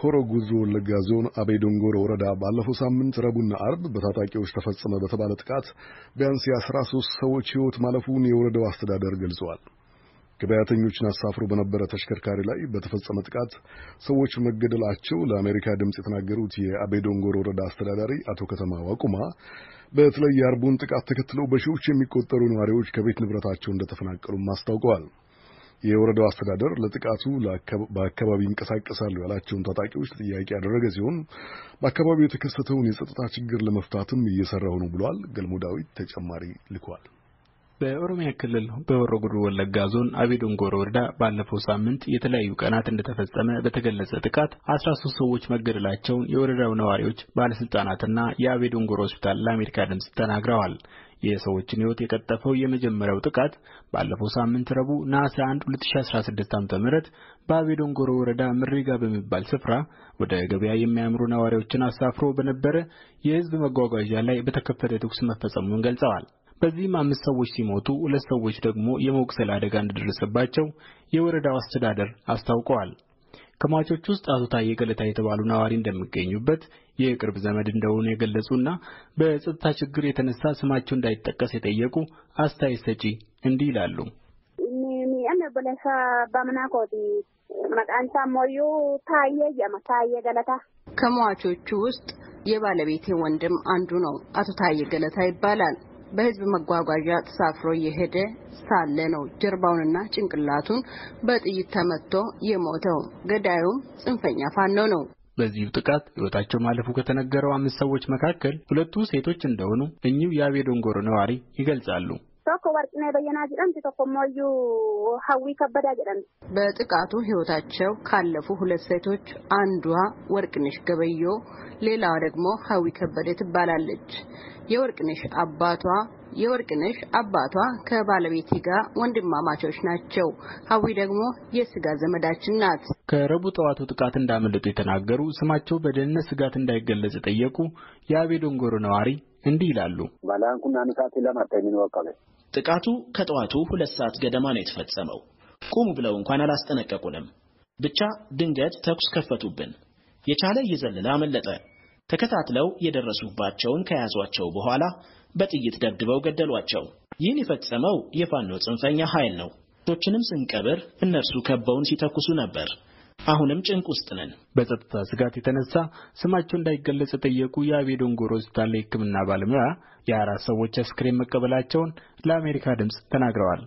ኮሮ ጉዞ ወለጋ ዞን አቤ ዶንጎሮ ወረዳ ባለፈው ሳምንት ረቡና አርብ በታጣቂዎች ተፈጸመ በተባለ ጥቃት ቢያንስ የአስራ ሶስት ሰዎች ህይወት ማለፉን የወረዳው አስተዳደር ገልጸዋል። ገበያተኞችን አሳፍሮ በነበረ ተሽከርካሪ ላይ በተፈጸመ ጥቃት ሰዎች መገደላቸው ለአሜሪካ ድምፅ የተናገሩት የአቤዶንጎሮ ወረዳ አስተዳዳሪ አቶ ከተማ ዋቁማ በተለይ የአርቡን ጥቃት ተከትለው በሺዎች የሚቆጠሩ ነዋሪዎች ከቤት ንብረታቸው እንደተፈናቀሉም አስታውቀዋል። የወረዳው አስተዳደር ለጥቃቱ በአካባቢ ይንቀሳቀሳሉ ያላቸውን ታጣቂዎች ጥያቄ ያደረገ ሲሆን በአካባቢው የተከሰተውን የጸጥታ ችግር ለመፍታትም እየሰራሁ ነው ብሏል። ገልሞ ዳዊት ተጨማሪ ልኳል። በኦሮሚያ ክልል በሆሮ ጉዱሩ ወለጋ ዞን አቤዶንጎሮ ወረዳ ባለፈው ሳምንት የተለያዩ ቀናት እንደተፈጸመ በተገለጸ ጥቃት አስራ ሶስት ሰዎች መገደላቸውን የወረዳው ነዋሪዎች፣ ባለስልጣናትና የአቤዶንጎሮ ሆስፒታል ለአሜሪካ ድምፅ ተናግረዋል። የሰዎችን ሕይወት የቀጠፈው የመጀመሪያው ጥቃት ባለፈው ሳምንት ረቡዕ ነሐሴ 1 2016 ዓ.ም በአቤዶንጎሮ ወረዳ ምሪጋ በሚባል ስፍራ ወደ ገበያ የሚያመሩ ነዋሪዎችን አሳፍሮ በነበረ የሕዝብ መጓጓዣ ላይ በተከፈተ ተኩስ መፈጸሙን ገልጸዋል። በዚህም አምስት ሰዎች ሲሞቱ ሁለት ሰዎች ደግሞ የመቁሰል አደጋ እንደደረሰባቸው የወረዳው አስተዳደር አስታውቀዋል። ከሟቾች ውስጥ አቶ ታዬ ገለታ የተባሉ ነዋሪ እንደሚገኙበት የቅርብ ዘመድ እንደሆኑ የገለጹና በጸጥታ ችግር የተነሳ ስማቸው እንዳይጠቀስ የጠየቁ አስተያየት ሰጪ እንዲህ ይላሉ። ከሟቾቹ ውስጥ የባለቤቴ ወንድም አንዱ ነው። አቶ ታዬ ገለታ ይባላል። በህዝብ መጓጓዣ ተሳፍሮ እየሄደ ሳለ ነው ጀርባውንና ጭንቅላቱን በጥይት ተመትቶ የሞተው። ገዳዩም ጽንፈኛ ፋኖ ነው። በዚሁ ጥቃት ሕይወታቸው ማለፉ ከተነገረው አምስት ሰዎች መካከል ሁለቱ ሴቶች እንደሆኑ እኚሁ ዶንጎሮ ነዋሪ ይገልጻሉ። tokko warqinee bayyanaa jedhamti ቶኮ ሞዩ ሀዊ ከበዳ jedhamti በጥቃቱ ህይወታቸው ካለፉ ሁለት ሴቶች አንዷ ወርቅንሽ ገበዮ ሌላዋ ደግሞ ሀዊ ከበደ ትባላለች። የወርቅንሽ አባቷ የወርቅንሽ አባቷ ከባለቤቴ ጋር ወንድማማቾች ናቸው። ሀዊ ደግሞ የስጋ ዘመዳችን ናት። ከረቡዕ ጠዋቱ ጥቃት እንዳመለጡ የተናገሩ ስማቸው በደህንነት ስጋት እንዳይገለጽ የጠየቁ የአቤ ዶንጎሮ ነዋሪ እንዲህ ይላሉ። ጥቃቱ ከጠዋቱ ሁለት ሰዓት ገደማ ነው የተፈጸመው። ቁሙ ብለው እንኳን አላስጠነቀቁንም። ብቻ ድንገት ተኩስ ከፈቱብን። የቻለ እየዘለለ አመለጠ። ተከታትለው የደረሱባቸውን ከያዟቸው በኋላ በጥይት ደብድበው ገደሏቸው። ይህን የፈጸመው የፋኖ ጽንፈኛ ኃይል ነው። ቶችንም ስንቀብር እነርሱ ከበውን ሲተኩሱ ነበር። አሁንም ጭንቅ ውስጥ ነን። በጸጥታ ስጋት የተነሳ ስማቸው እንዳይገለጽ የጠየቁ የአቤዶንጎሮ ሆስፒታል የሕክምና ባለሙያ የአራት ሰዎች አስክሬን መቀበላቸውን ለአሜሪካ ድምፅ ተናግረዋል።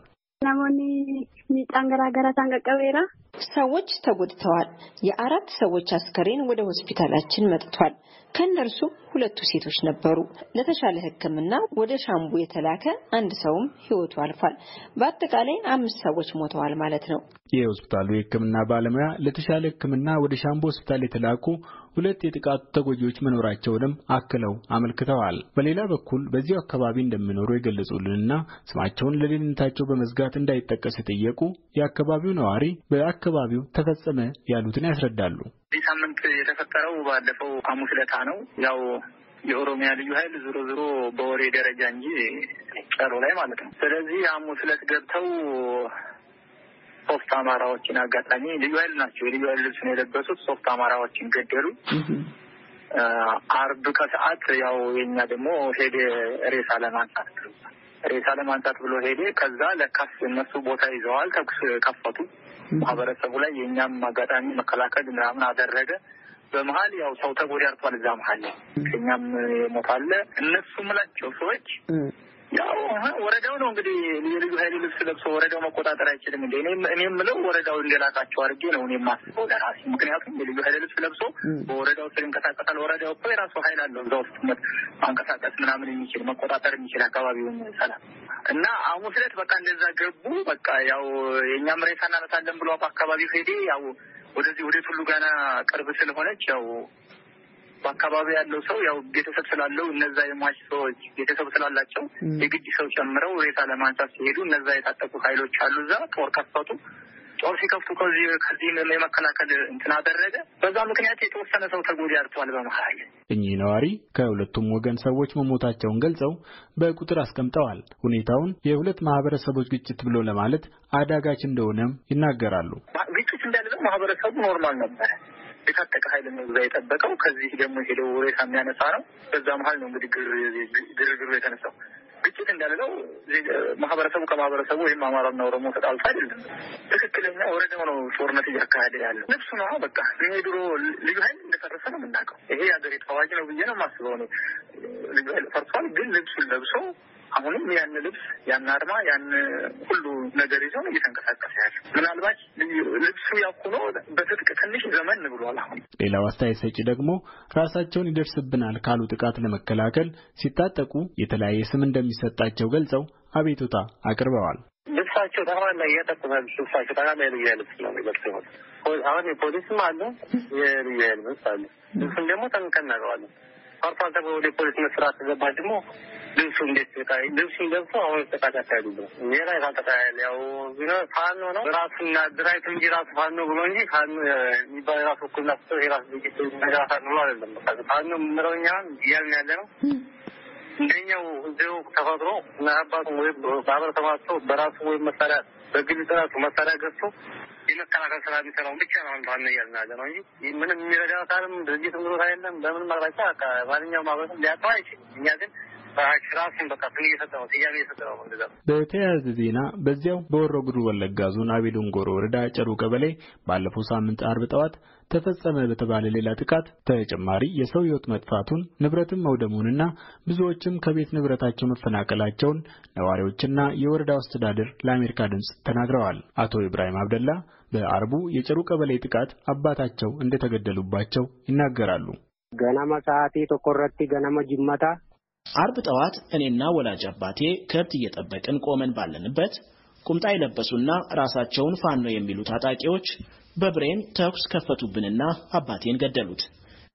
ሰዎች ተጎድተዋል። የአራት ሰዎች አስከሬን ወደ ሆስፒታላችን መጥቷል። ከእነርሱም ሁለቱ ሴቶች ነበሩ። ለተሻለ ሕክምና ወደ ሻምቡ የተላከ አንድ ሰውም ህይወቱ አልፏል። በአጠቃላይ አምስት ሰዎች ሞተዋል ማለት ነው። የሆስፒታሉ የሕክምና ባለሙያ ለተሻለ ሕክምና ወደ ሻምቡ ሆስፒታል የተላኩ ሁለት የጥቃቱ ተጎጂዎች መኖራቸውንም አክለው አመልክተዋል። በሌላ በኩል በዚሁ አካባቢ እንደሚኖሩ የገለጹልንና ስማቸውን ለደህንነታቸው በመዝጋት እንዳይጠቀስ የጠየቁ የአካባቢው ነዋሪ በአካባቢው ተፈጸመ ያሉትን ያስረዳሉ። ይህ ሳምንት የተፈጠረው ባለፈው ሐሙስ ለታ ነው። ያው የኦሮሚያ ልዩ ኃይል ዞሮ ዞሮ በወሬ ደረጃ እንጂ ጨሮ ላይ ማለት ነው። ስለዚህ ሐሙስ ዕለት ገብተው ሶስት አማራዎችን አጋጣሚ ልዩ ኃይል ናቸው። የልዩ ኃይል ልብስ ነው የለበሱት። ሶስት አማራዎችን ገደሉ። አርብ ከሰዓት ያው የኛ ደግሞ ሄደ ሬሳ ለማንሳት ሬሳ ለማንሳት ብሎ ሄደ። ከዛ ለካስ እነሱ ቦታ ይዘዋል። ተኩስ ከፈቱ። ማህበረሰቡ ላይ የእኛም አጋጣሚ መከላከል ምናምን አደረገ። በመሀል ያው ሰው ተጎዳርቷል። እዛ መሀል ።ከኛም ሞት አለ እነሱ ምላቸው ሰዎች ያው ወረዳው ነው እንግዲህ የልዩ ኃይል ልብስ ለብሶ ወረዳው መቆጣጠር አይችልም። እንደ እኔ የምለው ወረዳው እንደላካቸው አድርጌ ነው እኔ የማስበው ለራሴ። ምክንያቱም የልዩ ኃይል ልብስ ለብሶ በወረዳው ስር ይንቀሳቀሳል። ወረዳው እኮ የራሱ ኃይል አለው እዛ ውስጥ ማንቀሳቀስ ምናምን የሚችል መቆጣጠር የሚችል አካባቢውን ሰላም እና ሐሙስ ዕለት በቃ እንደዛ ገቡ። በቃ ያው የእኛ ሬሳ እናነሳለን ብሎ በአካባቢው ሄዴ ያው ወደዚህ ወደ ቱሉ ጋና ቅርብ ስለሆነች ያው በአካባቢው ያለው ሰው ያው ቤተሰብ ስላለው እነዛ የሟች ሰዎች ቤተሰብ ስላላቸው የግድ ሰው ጨምረው ሬሳ ለማንሳት ሲሄዱ እነዛ የታጠቁ ኃይሎች አሉ። እዛ ጦር ከፈቱ። ጦር ሲከፍቱ ከዚህ ከዚህ የመከላከል እንትን አደረገ። በዛ ምክንያት የተወሰነ ሰው ያርቷል። በመሀል እኚህ ነዋሪ ከሁለቱም ወገን ሰዎች መሞታቸውን ገልጸው በቁጥር አስቀምጠዋል። ሁኔታውን የሁለት ማህበረሰቦች ግጭት ብሎ ለማለት አዳጋች እንደሆነም ይናገራሉ። ግጭት እንዳለ ማህበረሰቡ ኖርማል ነበር። የታጠቀ ኃይል ነው እዛ የጠበቀው። ከዚህ ደግሞ ሄደው ሬሳ የሚያነሳ ነው። በዛ መሀል ነው እንግዲህ ግርግሩ የተነሳው። ግጭት እንዳልነው ማህበረሰቡ ከማህበረሰቡ ወይም አማራና ኦሮሞ ተጣልቶ አይደለም። ትክክለኛ ወረዳው ነው ጦርነት እያካሄደ ያለው ነፍሱ ነው። በቃ የድሮ ልዩ ኃይል እንደፈረሰ ነው የምናውቀው። ይሄ ሀገሪቱ አዋጅ ነው ብዬ ነው የማስበው። ነው ልዩ ኃይል ፈርሷል፣ ግን ልብሱን ለብሶ አሁንም ያን ልብስ ያን አርማ ያን ሁሉ ነገር ይዞ እየተንቀሳቀሰ ያለ ምናልባት ልብሱ ያኩኖ በትጥቅ ትንሽ ዘመን ብሏል። አሁን ሌላው አስተያየት ሰጪ ደግሞ ራሳቸውን ይደርስብናል ካሉ ጥቃት ለመከላከል ሲታጠቁ የተለያየ ስም እንደሚሰጣቸው ገልጸው አቤቱታ አቅርበዋል። ልብሳቸው ጠቅላላ እያጠቁታል። ልብሳቸው ጠቅላላ የልያ ልብስ ነው ይለብስ ይሆን አሁን የፖሊስም አለ የልያ ልብስ አለ። ልብስም ደግሞ ተንቀናቀዋለን ፓርፓልተ ወደ ፖሊስ መስራት ተገባ ደግሞ ልብሱ እንዴት ስቃ ልብሱን ለብሶ አሁን ጥቃት ያካሄዱብን ሌላ የታጠቃያል ያው ፋኖ ነው ራሱና ድራይት እንጂ ራሱ ፋኖ ብሎ እንጂ ፋኖ የሚባል ራሱ እኩልና ስጠ የራሱ ድርጅት ራሳ ብሎ አይደለም። ፋኖ የምንለው እያልን ያለ ነው። እንደኛው እዚው ተፈጥሮ እና አባቱ ወይም በአበር በራሱ ወይም መሳሪያ በግል ጥራቱ መሳሪያ ገብቶ የመከላከል ስራ የሚሰራውን ብቻ ነው ባነ እያልን ያለ ነው እንጂ ምንም የሚረዳ አካልም ድርጅት ምሮት አይደለም። በምን መቅራጫ ማንኛውም ማበረሰብ ሊያጠዋ አይችልም። እኛ ግን በተያያዘ ዜና በዚያው በወሮ ጉድሩ ወለጋ ዞን አቤዶንጎሮ ወረዳ ጨሩ ቀበሌ ባለፈው ሳምንት አርብ ጠዋት ተፈጸመ በተባለ ሌላ ጥቃት ተጨማሪ የሰው ሕይወት መጥፋቱን ንብረትም መውደሙንና ብዙዎችም ከቤት ንብረታቸው መፈናቀላቸውን ነዋሪዎችና የወረዳው አስተዳደር ለአሜሪካ ድምፅ ተናግረዋል። አቶ ኢብራሂም አብደላ በአርቡ የጨሩ ቀበሌ ጥቃት አባታቸው እንደተገደሉባቸው ይናገራሉ። ገናማ ሰዓቴ ተኮረቲ ገናማ ጅመታ አርብ ጠዋት እኔና ወላጅ አባቴ ከብት እየጠበቅን ቆመን ባለንበት ቁምጣ የለበሱና ራሳቸውን ፋኖ የሚሉ ታጣቂዎች በብሬን ተኩስ ከፈቱብንና አባቴን ገደሉት።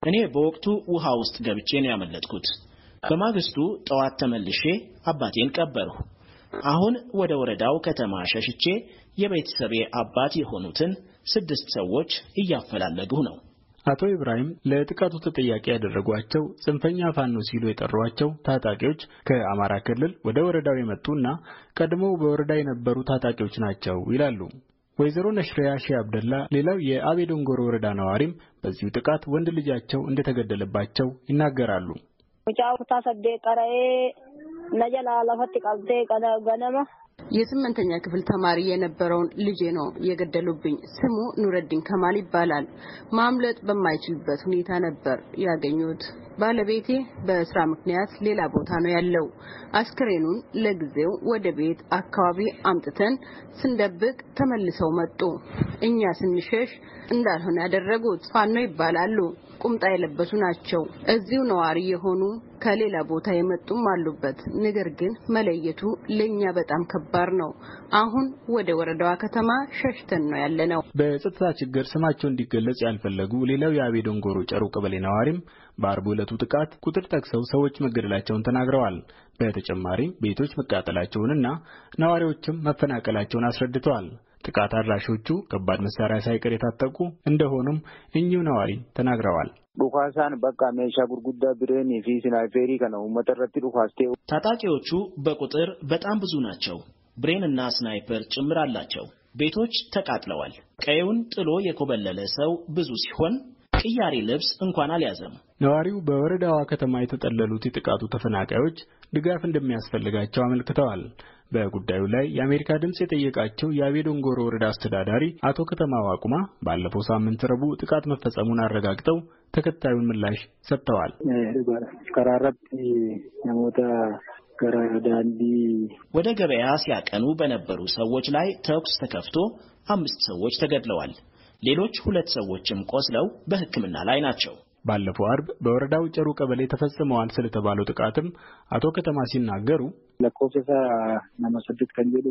እኔ በወቅቱ ውሃ ውስጥ ገብቼ ነው ያመለጥኩት። በማግስቱ ጠዋት ተመልሼ አባቴን ቀበርሁ። አሁን ወደ ወረዳው ከተማ ሸሽቼ የቤተሰቤ አባት የሆኑትን ስድስት ሰዎች እያፈላለግሁ ነው። አቶ ኢብራሂም ለጥቃቱ ተጠያቂ ያደረጓቸው ጽንፈኛ ፋኖ ሲሉ የጠሯቸው ታጣቂዎች ከአማራ ክልል ወደ ወረዳው የመጡና ቀድሞው በወረዳ የነበሩ ታጣቂዎች ናቸው ይላሉ። ወይዘሮ ነሽሪያ ሺህ አብደላ ሌላው የአቤዶንጎር ወረዳ ነዋሪም በዚሁ ጥቃት ወንድ ልጃቸው እንደተገደለባቸው ይናገራሉ። የስምንተኛ ክፍል ተማሪ የነበረውን ልጄ ነው የገደሉብኝ። ስሙ ኑረዲን ከማል ይባላል። ማምለጥ በማይችልበት ሁኔታ ነበር ያገኙት። ባለቤቴ በስራ ምክንያት ሌላ ቦታ ነው ያለው። አስክሬኑን ለጊዜው ወደ ቤት አካባቢ አምጥተን ስንደብቅ ተመልሰው መጡ። እኛ ስንሸሽ እንዳልሆነ ያደረጉት ፋኖ ይባላሉ። ቁምጣ የለበሱ ናቸው። እዚሁ ነዋሪ የሆኑ ከሌላ ቦታ የመጡም አሉበት። ነገር ግን መለየቱ ለኛ በጣም ከባድ ነው። አሁን ወደ ወረዳዋ ከተማ ሸሽተን ነው ያለነው። በጸጥታ ችግር ስማቸው እንዲገለጽ ያልፈለጉ ሌላው የአቤዶንጎሮ ጨሩ ቀበሌ ነዋሪም በአርብ ዕለቱ ጥቃት ቁጥር ጠቅሰው ሰዎች መገደላቸውን ተናግረዋል። በተጨማሪም ቤቶች መቃጠላቸውንና ነዋሪዎችም መፈናቀላቸውን አስረድተዋል። ጥቃት አድራሾቹ ከባድ መሳሪያ ሳይቀር የታጠቁ እንደሆኑም እኚሁ ነዋሪ ተናግረዋል። ዱኳሳን በቃ ሜሻ ጉርጉዳ ብሬን ፊ ስናይፌሪ ከነ መጠረቲ ዱኳስቴ ታጣቂዎቹ በቁጥር በጣም ብዙ ናቸው። ብሬንና ስናይፐር ጭምር አላቸው። ቤቶች ተቃጥለዋል። ቀዩን ጥሎ የኮበለለ ሰው ብዙ ሲሆን ቅያሪ ልብስ እንኳን አልያዘም። ነዋሪው በወረዳዋ ከተማ የተጠለሉት የጥቃቱ ተፈናቃዮች ድጋፍ እንደሚያስፈልጋቸው አመልክተዋል። በጉዳዩ ላይ የአሜሪካ ድምፅ የጠየቃቸው የአቤዶንጎሮ ወረዳ አስተዳዳሪ አቶ ከተማው አቁማ ባለፈው ሳምንት ረቡዕ ጥቃት መፈጸሙን አረጋግጠው ተከታዩን ምላሽ ሰጥተዋል። ወደ ገበያ ሲያቀኑ በነበሩ ሰዎች ላይ ተኩስ ተከፍቶ አምስት ሰዎች ተገድለዋል። ሌሎች ሁለት ሰዎችም ቆስለው በሕክምና ላይ ናቸው። ባለፈው አርብ በወረዳው ጨሩ ቀበሌ ተፈጽመዋል ስለተባለው ጥቃትም አቶ ከተማ ሲናገሩ ለኮሴሳ ነመሰድት ከንጀሉ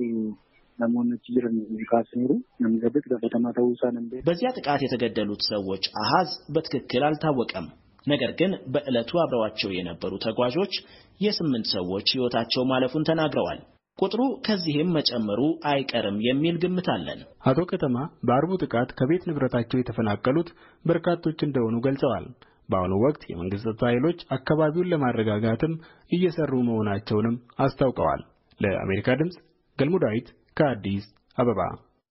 በዚያ ጥቃት የተገደሉት ሰዎች አሃዝ በትክክል አልታወቀም። ነገር ግን በዕለቱ አብረዋቸው የነበሩ ተጓዦች የስምንት ሰዎች ሕይወታቸው ማለፉን ተናግረዋል። ቁጥሩ ከዚህም መጨመሩ አይቀርም የሚል ግምት አለን። አቶ ከተማ በአርቡ ጥቃት ከቤት ንብረታቸው የተፈናቀሉት በርካቶች እንደሆኑ ገልጸዋል። በአሁኑ ወቅት የመንግሥት ጸጥታ ኃይሎች አካባቢውን ለማረጋጋትም እየሰሩ መሆናቸውንም አስታውቀዋል። ለአሜሪካ ድምፅ ገልሞ ዳዊት ከአዲስ አበባ